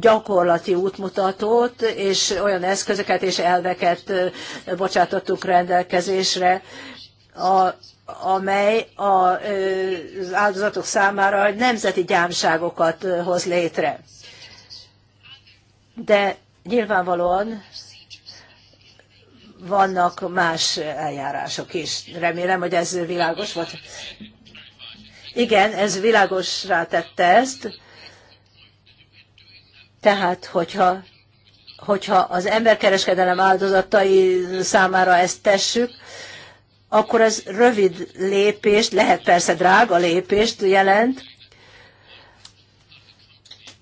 gyakorlati útmutatót, és olyan eszközöket és elveket bocsátottuk rendelkezésre, a, amely az áldozatok számára nemzeti gyámságokat hoz létre. De nyilvánvalóan vannak más eljárások is. Remélem, hogy ez világos volt. Igen, ez világosra tette ezt. Tehát, hogyha, hogyha az emberkereskedelem áldozatai számára ezt tessük, akkor az rövid lépést, lehet persze drága lépést jelent,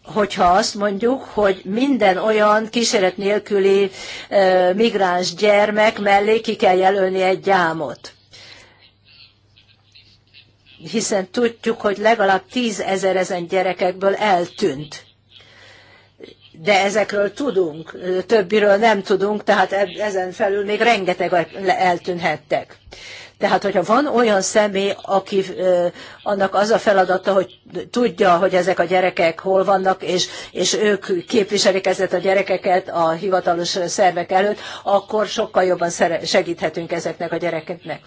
hogyha azt mondjuk, hogy minden olyan kíséret nélküli migráns gyermek mellé ki kell jelölni egy gyámot. Hiszen tudjuk, hogy legalább tízezer ezen gyerekekből eltűnt de ezekről tudunk, többiről nem tudunk, tehát e- ezen felül még rengeteg eltűnhettek. Tehát, hogyha van olyan személy, aki annak az a feladata, hogy tudja, hogy ezek a gyerekek hol vannak, és, és ők képviselik ezeket a gyerekeket a hivatalos szervek előtt, akkor sokkal jobban segíthetünk ezeknek a gyerekeknek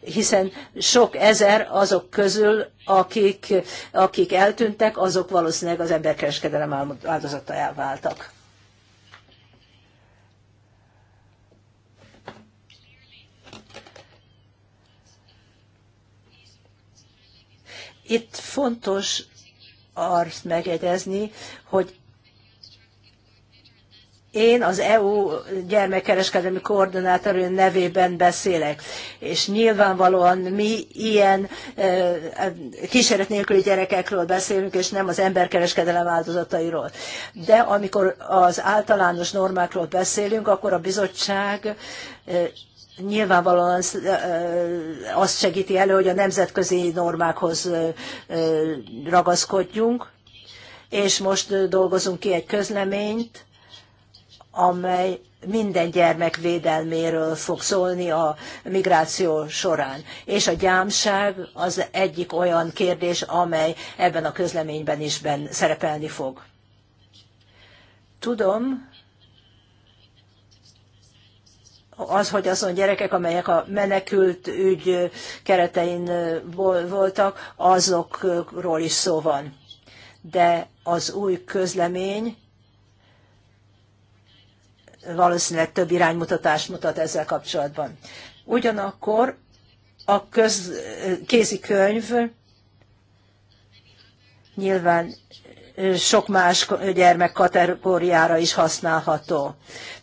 hiszen sok ezer azok közül, akik, akik eltűntek, azok valószínűleg az emberkereskedelem áldozatá váltak. Itt fontos azt megjegyezni, hogy én az EU gyermekkereskedelmi koordinátor nevében beszélek, és nyilvánvalóan mi ilyen kísérlet nélküli gyerekekről beszélünk, és nem az emberkereskedelem áldozatairól. De amikor az általános normákról beszélünk, akkor a bizottság nyilvánvalóan azt segíti elő, hogy a nemzetközi normákhoz ragaszkodjunk, és most dolgozunk ki egy közleményt, amely minden gyermek védelméről fog szólni a migráció során. És a gyámság az egyik olyan kérdés, amely ebben a közleményben is ben szerepelni fog. Tudom, az, hogy azon gyerekek, amelyek a menekült ügy keretein voltak, azokról is szó van. De az új közlemény valószínűleg több iránymutatást mutat ezzel kapcsolatban. Ugyanakkor a köz, kézikönyv nyilván sok más gyermek kategóriára is használható.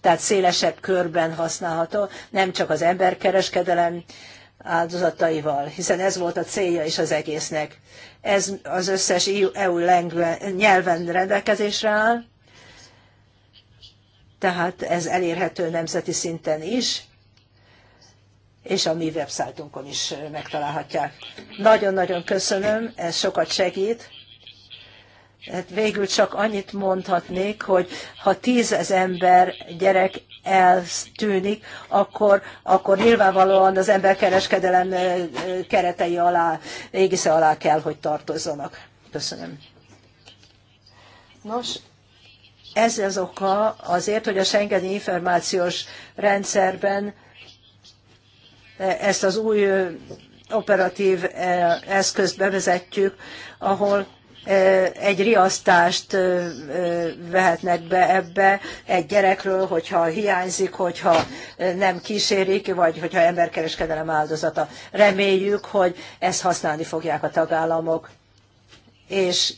Tehát szélesebb körben használható, nem csak az emberkereskedelem áldozataival, hiszen ez volt a célja is az egésznek. Ez az összes EU nyelven rendelkezésre áll, tehát ez elérhető nemzeti szinten is, és a mi websájtunkon is megtalálhatják. Nagyon-nagyon köszönöm, ez sokat segít. Hát végül csak annyit mondhatnék, hogy ha tízez ember gyerek eltűnik, akkor, akkor nyilvánvalóan az emberkereskedelem keretei alá, égisze alá kell, hogy tartozzanak. Köszönöm. Nos, ez az oka azért, hogy a Schengeni információs rendszerben e, ezt az új operatív e, eszközt bevezetjük, ahol e, egy riasztást vehetnek be ebbe egy gyerekről, hogyha hiányzik, hogyha nem kísérik, vagy hogyha emberkereskedelem áldozata. Reméljük, hogy ezt használni fogják a tagállamok, és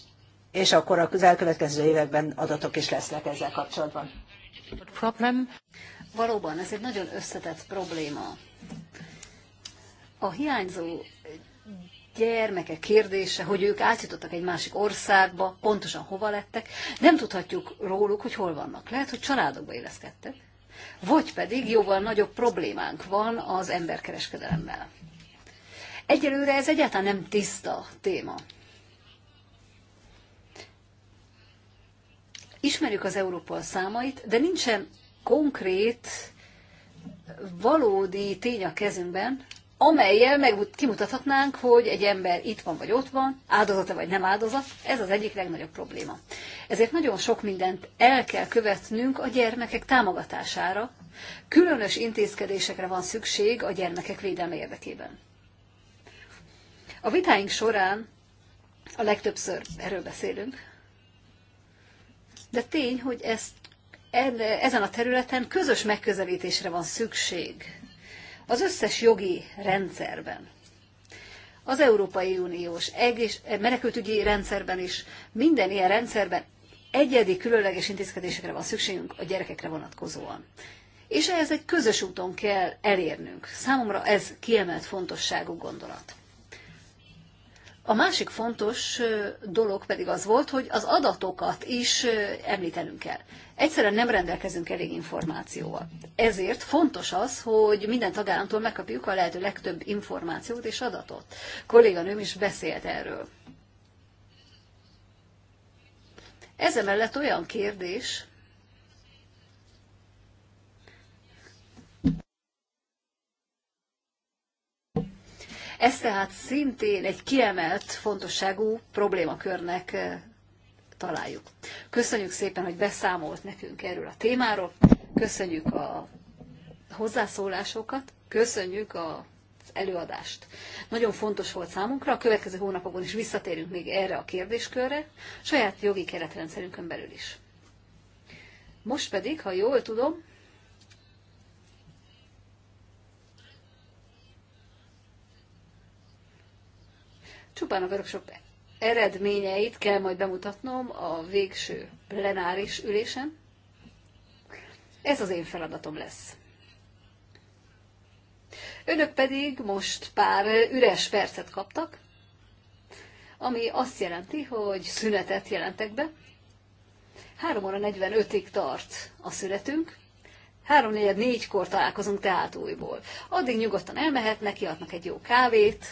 és akkor az elkövetkező években adatok is lesznek ezzel kapcsolatban. Problem. Valóban, ez egy nagyon összetett probléma. A hiányzó gyermekek kérdése, hogy ők átjutottak egy másik országba, pontosan hova lettek, nem tudhatjuk róluk, hogy hol vannak. Lehet, hogy családokba éleszkedtek, vagy pedig jóval nagyobb problémánk van az emberkereskedelemmel. Egyelőre ez egyáltalán nem tiszta téma. Ismerjük az Európa számait, de nincsen konkrét, valódi tény a kezünkben, amelyel meg kimutathatnánk, hogy egy ember itt van vagy ott van, áldozata vagy nem áldozat, ez az egyik legnagyobb probléma. Ezért nagyon sok mindent el kell követnünk a gyermekek támogatására, különös intézkedésekre van szükség a gyermekek védelme érdekében. A vitáink során a legtöbbször erről beszélünk, de tény, hogy ezt ezen a területen közös megközelítésre van szükség az összes jogi rendszerben. Az Európai Uniós egész, menekültügyi rendszerben is, minden ilyen rendszerben egyedi különleges intézkedésekre van szükségünk a gyerekekre vonatkozóan. És ehhez egy közös úton kell elérnünk. Számomra ez kiemelt fontosságú gondolat. A másik fontos dolog pedig az volt, hogy az adatokat is említenünk kell. Egyszerűen nem rendelkezünk elég információval. Ezért fontos az, hogy minden tagállamtól megkapjuk a lehető legtöbb információt és adatot. Kolléganőm is beszélt erről. Ezemellett olyan kérdés, Ez tehát szintén egy kiemelt fontosságú problémakörnek eh, találjuk. Köszönjük szépen, hogy beszámolt nekünk erről a témáról, köszönjük a hozzászólásokat, köszönjük a előadást. Nagyon fontos volt számunkra, a következő hónapokban is visszatérünk még erre a kérdéskörre, saját jogi keretrendszerünkön belül is. Most pedig, ha jól tudom, Csupán a workshop eredményeit kell majd bemutatnom a végső plenáris ülésen. Ez az én feladatom lesz. Önök pedig most pár üres percet kaptak, ami azt jelenti, hogy szünetet jelentek be. 3 óra 45-ig tart a szünetünk, 3 4 kor találkozunk tehát újból. Addig nyugodtan elmehetnek, kiadnak egy jó kávét,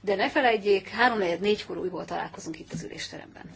de ne felejtjék, 3 4 kor újból találkozunk itt az ülésteremben.